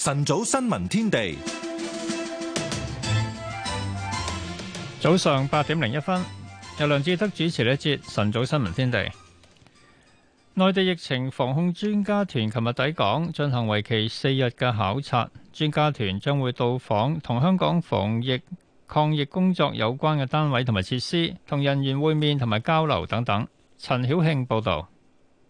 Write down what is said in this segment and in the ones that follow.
晨早新聞天地，早上八點零一分，由梁志德主持呢節晨早新聞天地。內地疫情防控專家團琴日抵港，進行為期四日嘅考察。專家團將會到訪同香港防疫抗疫工作有關嘅單位同埋設施，同人員會面同埋交流等等。陳曉慶報道。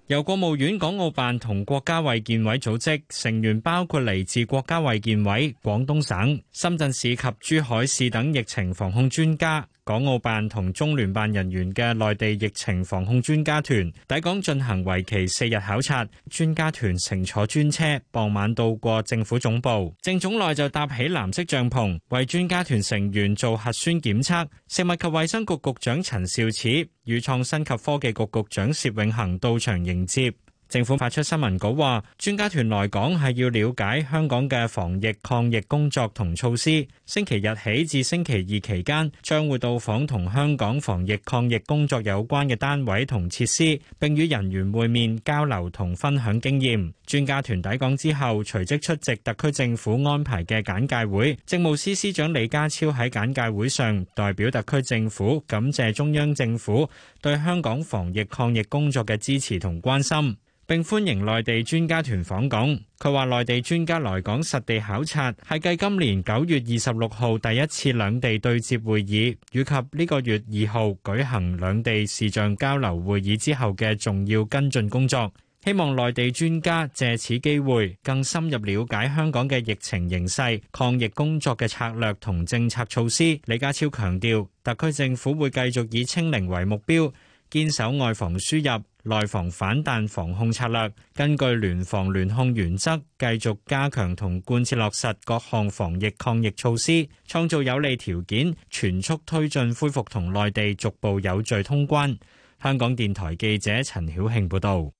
由國務院港澳辦同國家衛健委組織，成員包括嚟自國家衛健委、廣東省、深圳市及珠海市等疫情防控專家。港澳辦同中聯辦人員嘅內地疫情防控專家團抵港進行為期四日考察，專家團乘坐專車，傍晚到過政府總部。政總內就搭起藍色帳篷，為專家團成員做核酸檢測。食物及衛生局局，局長陳肇始與創新及科技局局長薛永恆到場迎接。政府發出新聞稿話，專家團來港係要了解香港嘅防疫抗疫工作同措施。星期日起至星期二期間，將會到訪同香港防疫抗疫工作有關嘅單位同設施，並與人員會面交流同分享經驗。專家團抵港之後，隨即出席特區政府安排嘅簡介會。政務司司長李家超喺簡介會上代表特區政府感謝中央政府對香港防疫抗疫工作嘅支持同關心。並歡迎內地專家團訪港。佢話：內地專家來港實地考察，係繼今年九月二十六號第一次兩地對接會議，以及呢個月二號舉行兩地視像交流會議之後嘅重要跟進工作。希望內地專家藉此機會更深入瞭解香港嘅疫情形勢、抗疫工作嘅策略同政策措施。李家超強調，特區政府會繼續以清零為目標，堅守外防輸入、內防反彈防控策略，根據聯防聯控原則，繼續加強同貫徹落實各項防疫抗疫措施，創造有利條件，全速推進恢復同內地逐步有序通關。香港電台記者陳曉慶報道：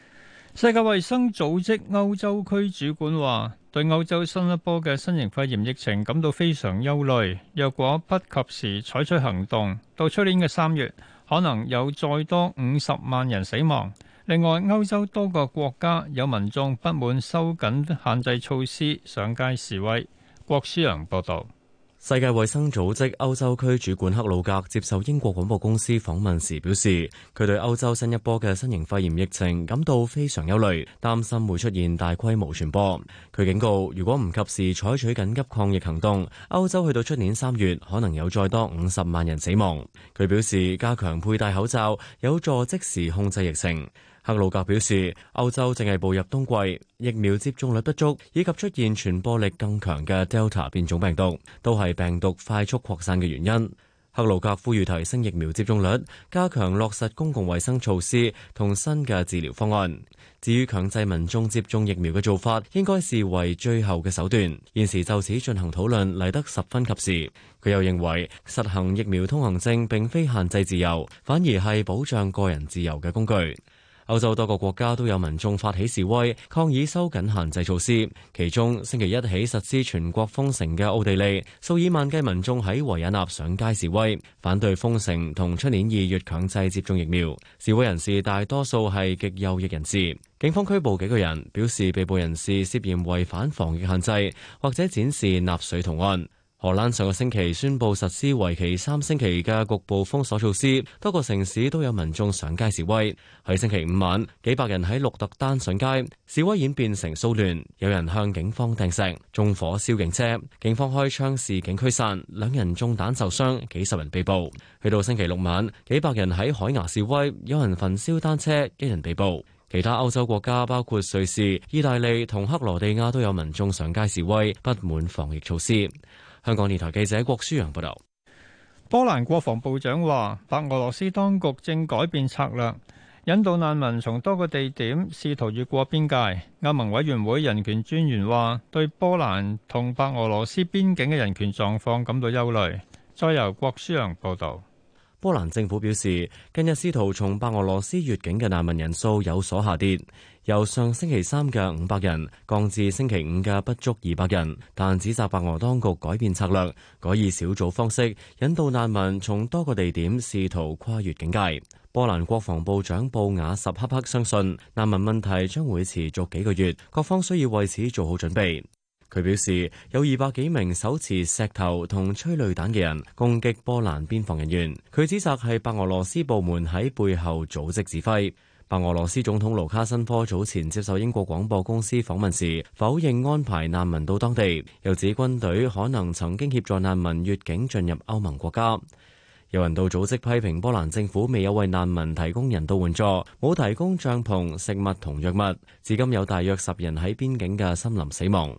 「世界衛生組織歐洲區主管話：對歐洲新一波嘅新型肺炎疫情感到非常憂慮，若果不及時採取行動，到出年嘅三月，可能有再多五十萬人死亡。另外，歐洲多個國家有民眾不滿收緊限制措施，上街示威。郭書洋報導。世界衛生組織歐洲區主管克魯格接受英國廣播公司訪問時表示，佢對歐洲新一波嘅新型肺炎疫情感到非常憂慮，擔心會出現大規模傳播。佢警告，如果唔及時採取緊急抗疫行動，歐洲去到出年三月可能有再多五十萬人死亡。佢表示，加強佩戴口罩有助即時控制疫情。克魯格表示，歐洲正係步入冬季，疫苗接種率不足，以及出現傳播力更強嘅 Delta 變種病毒，都係病毒快速擴散嘅原因。克魯格呼籲提升疫苗接種率，加強落實公共衛生措施同新嘅治療方案。至於強制民眾接種疫苗嘅做法，應該視為最後嘅手段。現時就此進行討論嚟得十分及時。佢又認為，實行疫苗通行證並非限制自由，反而係保障個人自由嘅工具。歐洲多個國家都有民眾發起示威，抗議收緊限制措施。其中，星期一起實施全國封城嘅奧地利，數以萬計民眾喺維也納上街示威，反對封城同出年二月強制接種疫苗。示威人士大多數係極右翼人士。警方拘捕幾個人，表示被捕人士涉嫌違反防疫限制，或者展示納粹圖案。荷蘭上個星期宣布實施為期三星期嘅局部封鎖措施，多個城市都有民眾上街示威。喺星期五晚，幾百人喺鹿特丹上街示威，演變成騷亂，有人向警方掟石、縱火燒警車，警方開槍示警驅散，兩人中彈受傷，幾十人被捕。去到星期六晚，幾百人喺海牙示威，有人焚燒單車，一人被捕。其他歐洲國家包括瑞士、意大利同克羅地亞都有民眾上街示威，不滿防疫措施。香港電台記者郭舒陽報道，波蘭國防部長話，白俄羅斯當局正改變策略，引導難民從多個地點試圖越過邊界。歐盟委員會人權專員話，對波蘭同白俄羅斯邊境嘅人權狀況感到憂慮。再由郭舒陽報道，波蘭政府表示，近日試圖從白俄羅斯越境嘅難民人數有所下跌。由上星期三嘅五百人降至星期五嘅不足二百人，但指責白俄當局改變策略，改以小組方式引導難民從多個地點試圖跨越警戒。波蘭國防部長布瓦什哈克相信難民問題將會持續幾個月，各方需要為此做好準備。佢表示有二百幾名手持石頭同催淚彈嘅人攻擊波蘭邊防人員，佢指責係白俄羅斯部門喺背後組織指揮。白俄羅斯總統盧卡申科早前接受英國廣播公司訪問時否認安排難民到當地，又指軍隊可能曾經協助難民越境進入歐盟國家。有人道組織批評波蘭政府未有為難民提供人道援助，冇提供帳篷、食物同藥物，至今有大約十人喺邊境嘅森林死亡。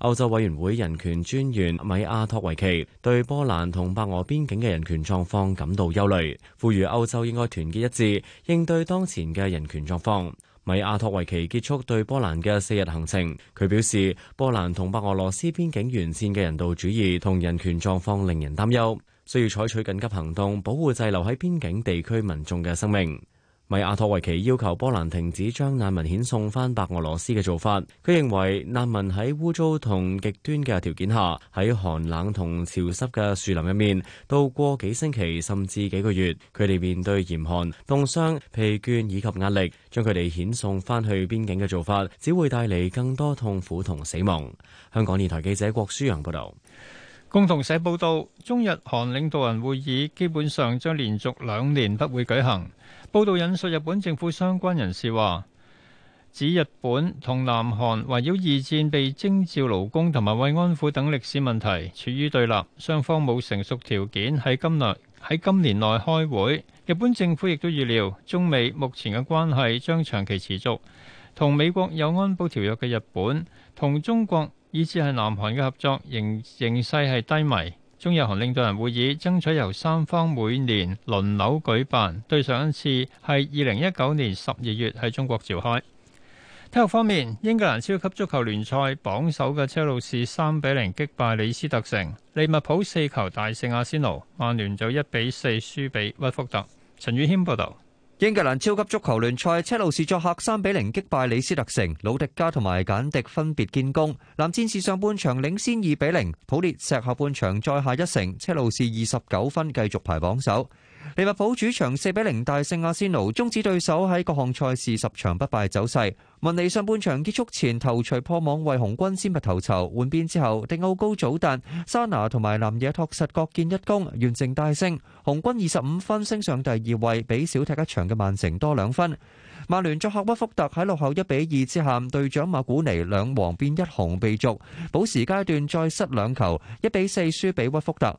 歐洲委員會人權專員米亞托維奇對波蘭同白俄邊境嘅人權狀況感到憂慮，呼籲歐洲應該團結一致應對當前嘅人權狀況。米亞托維奇結束對波蘭嘅四日行程，佢表示波蘭同白俄羅斯邊境沿線嘅人道主義同人權狀況令人擔憂，需要採取緊急行動保護滯留喺邊境地區民眾嘅生命。米亞托維奇要求波蘭停止將難民遣送翻白俄羅斯嘅做法。佢認為難民喺污糟同極端嘅條件下，喺寒冷同潮濕嘅樹林入面度過幾星期甚至幾個月，佢哋面對嚴寒、凍傷、疲倦以及壓力，將佢哋遣送翻去邊境嘅做法，只會帶嚟更多痛苦同死亡。香港電台記者郭舒揚報道。共同社報導，中日韓領導人會議基本上將連續兩年不會舉行。報導引述日本政府相關人士話，指日本同南韓圍繞二戰被徵召勞工同埋慰安婦等歷史問題處於對立，雙方冇成熟條件喺今內喺今年內開會。日本政府亦都預料，中美目前嘅關係將長期持續，同美國有安保條約嘅日本同中國，以致南韓嘅合作形形勢係低迷。中日韓領導人會議爭取由三方每年輪流舉辦，對上一次係二零一九年十二月喺中國召開。體育方面，英格蘭超級足球聯賽榜首嘅車路士三比零擊敗李斯特城，利物浦四球大勝阿仙奴，曼聯就一比四輸俾屈福特。陳宇謙報道。英格蘭超級足球聯賽，車路士作客三比零擊敗李斯特城，魯迪加同埋簡迪分別建功。藍戰士上半場領先二比零，普列石下半場再下一城，車路士二十九分繼續排榜首。利物浦主場四比零大勝阿仙奴，終止對手喺各項賽事十場不敗走勢。文尼上半場結束前頭錘破網為紅軍先拔頭籌，換邊之後，迪奧高、祖達、沙拿同埋南野拓實各建一功，完成大勝。紅軍二十五分升上第二位，比少踢一場嘅曼城多兩分。曼聯作客屈福特喺落後一比二之下，隊長馬古尼兩黃變一紅被逐，補時階段再失兩球，一比四輸俾屈福特。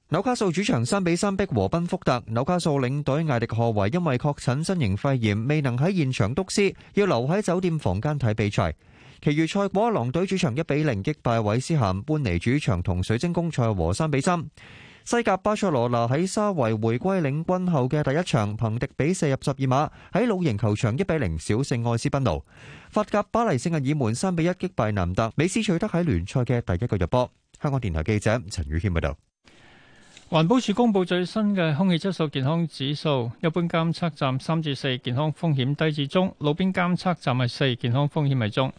紐卡素主場三比三逼和賓福特，紐卡素領隊艾迪何維因為確診新型肺炎，未能喺現場督師，要留喺酒店房間睇比賽。其餘賽果，狼隊主場一比零擊敗韋斯咸，般尼主場同水晶宮賽和三比三。西甲巴塞羅那喺沙維回歸領軍後嘅第一場，憑迪比射入十二碼，喺老營球場一比零小勝愛斯賓奴。法甲巴黎聖日耳門三比一擊敗南特，美斯取得喺聯賽嘅第一個入波。香港電台記者陳宇謙報道。環保署公布最新嘅空氣質素健康指數，一般監測站三至四，健康風險低至中；路邊監測站係四，健康風險係中。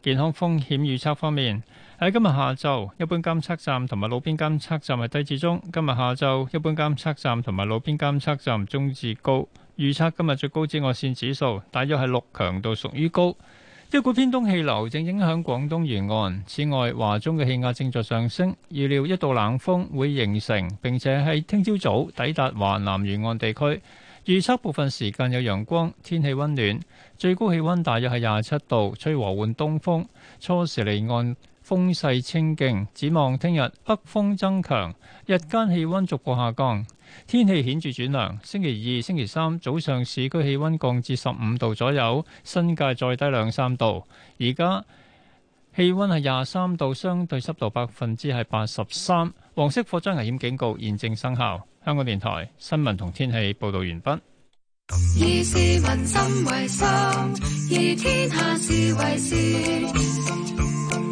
健康風險預測方面，喺今日下晝，一般監測站同埋路邊監測站係低至中；今日下晝，一般監測站同埋路邊監測站中至高。預測今日最高紫外線指數大約係六強度，屬於高。一股偏東氣流正影響廣東沿岸。此外，華中嘅氣壓正在上升，預料一道冷風會形成，並且喺聽朝早抵達華南沿岸地區。預測部分時間有陽光，天氣溫暖，最高氣温大約係廿七度，吹和緩東風。初時離岸風勢清勁，指望聽日北風增強，日間氣温逐步下降。天氣顯著轉涼，星期二、星期三早上市區氣溫降至十五度左右，新界再低兩三度。而家氣溫係廿三度，相對濕度百分之係八十三。黃色火災危險警告現正生效。香港電台新聞同天氣報道完畢。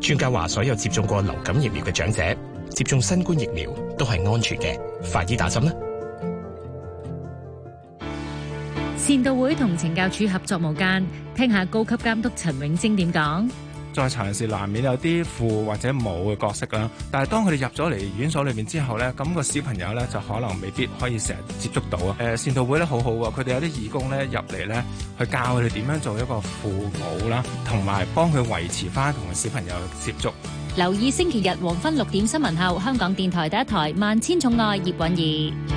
專家話，所有接種過流感疫苗嘅長者接種新冠疫苗都係安全嘅，快啲打針啦！善導會同懲教署合作無間，聽下高級監督陳永貞點講。再嘗試難免有啲父或者母嘅角色啦，但係當佢哋入咗嚟院所裏面之後咧，咁、那個小朋友咧就可能未必可以成日接觸到啊。誒、呃、善導會咧好好啊，佢哋有啲義工咧入嚟咧去教佢哋點樣做一個父母啦，同埋幫佢維持翻同個小朋友接觸。留意星期日黃昏六點新聞後，香港電台第一台《萬千寵愛》葉韻儀。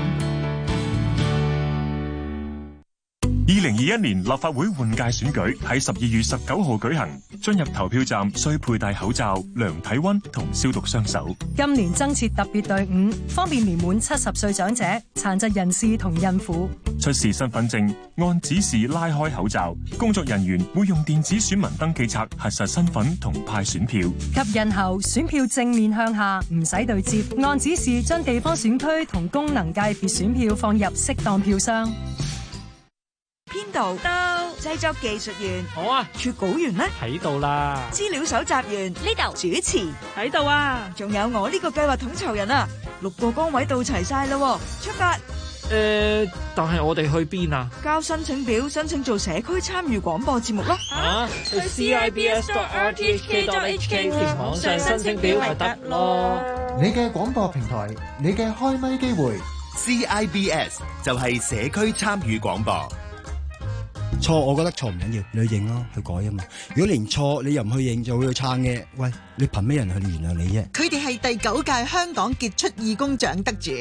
二零二一年立法會換屆選舉喺十二月十九號舉行，進入投票站需佩戴口罩、量體溫同消毒雙手。今年增設特別隊伍，方便年滿七十歲長者、殘疾人士同孕婦。出示身份證，按指示拉開口罩，工作人員會用電子選民登記冊核實身份同派選票。及印後，選票正面向下，唔使對接。按指示將地方選區同功能界別選票放入適當票箱。到製作技術員，好啊！出稿員咧喺度啦，資料搜集員呢度主持喺度啊，仲有我呢個計劃統籌人啊，六個崗位到齊晒啦，出發。誒，但係我哋去邊啊？交申請表，申請做社區參與廣播節目咯。吓，去 c i b s dot r t h k dot h k 填網上申請表咪得咯。你嘅廣播平台，你嘅開咪機會，c i b s 就係社區參與廣播。錯，我覺得錯唔緊要，你去認咯，去改啊嘛。如果連錯你又唔去認，就會去撐嘅。喂，你憑咩人去原諒你啫？佢哋係第九屆香港傑出義工獎得主，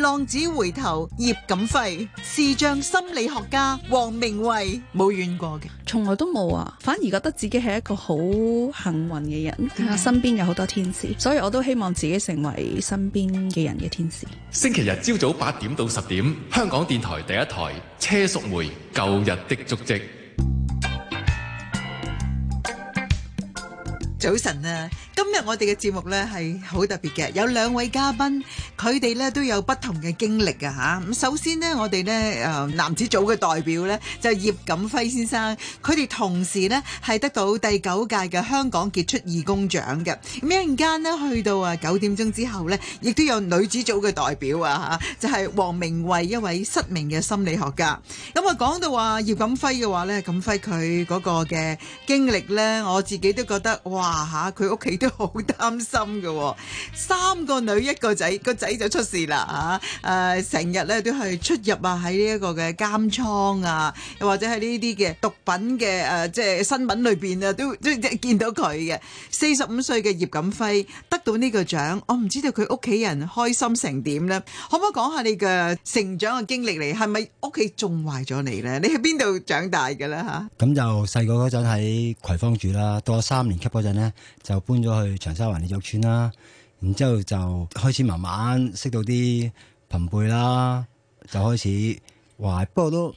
浪子回頭葉錦輝，視障心理學家黃明慧。冇怨過嘅，從來都冇啊。反而覺得自己係一個好幸運嘅人，身邊有好多天使，所以我都希望自己成為身邊嘅人嘅天使。星期日朝早八點到十點，香港電台第一台車淑梅。舊日的足跡。早晨啊！今日我哋嘅節目咧係好特別嘅，有兩位嘉賓，佢哋咧都有不同嘅經歷啊！吓，咁，首先咧我哋咧誒男子組嘅代表咧就係葉錦輝先生，佢哋同時咧係得到第九屆嘅香港傑出義工獎嘅。咁一陣間咧去到啊九點鐘之後咧，亦都有女子組嘅代表啊吓，就係黃明慧一位失明嘅心理學家。咁啊講到話葉錦輝嘅話咧，錦輝佢嗰個嘅經歷咧，我自己都覺得哇！吓！佢屋企都好擔心嘅，三個女一個仔，個仔就出事啦吓！誒，成日咧都係出入啊喺呢一個嘅監倉啊，又或者係呢啲嘅毒品嘅誒，即係新聞裏邊啊，都都見到佢嘅。四十五歲嘅葉錦輝得到呢個獎，我唔知道佢屋企人開心成點咧。可唔可以講下你嘅成長嘅經歷嚟？係咪屋企縱壞咗你咧？你喺邊度長大嘅咧？吓，咁就細個嗰陣喺葵芳住啦，到咗三年級嗰陣咧。就搬咗去長沙灣李玉村啦，然之後就開始慢慢識到啲朋輩啦，就開始懷不過都。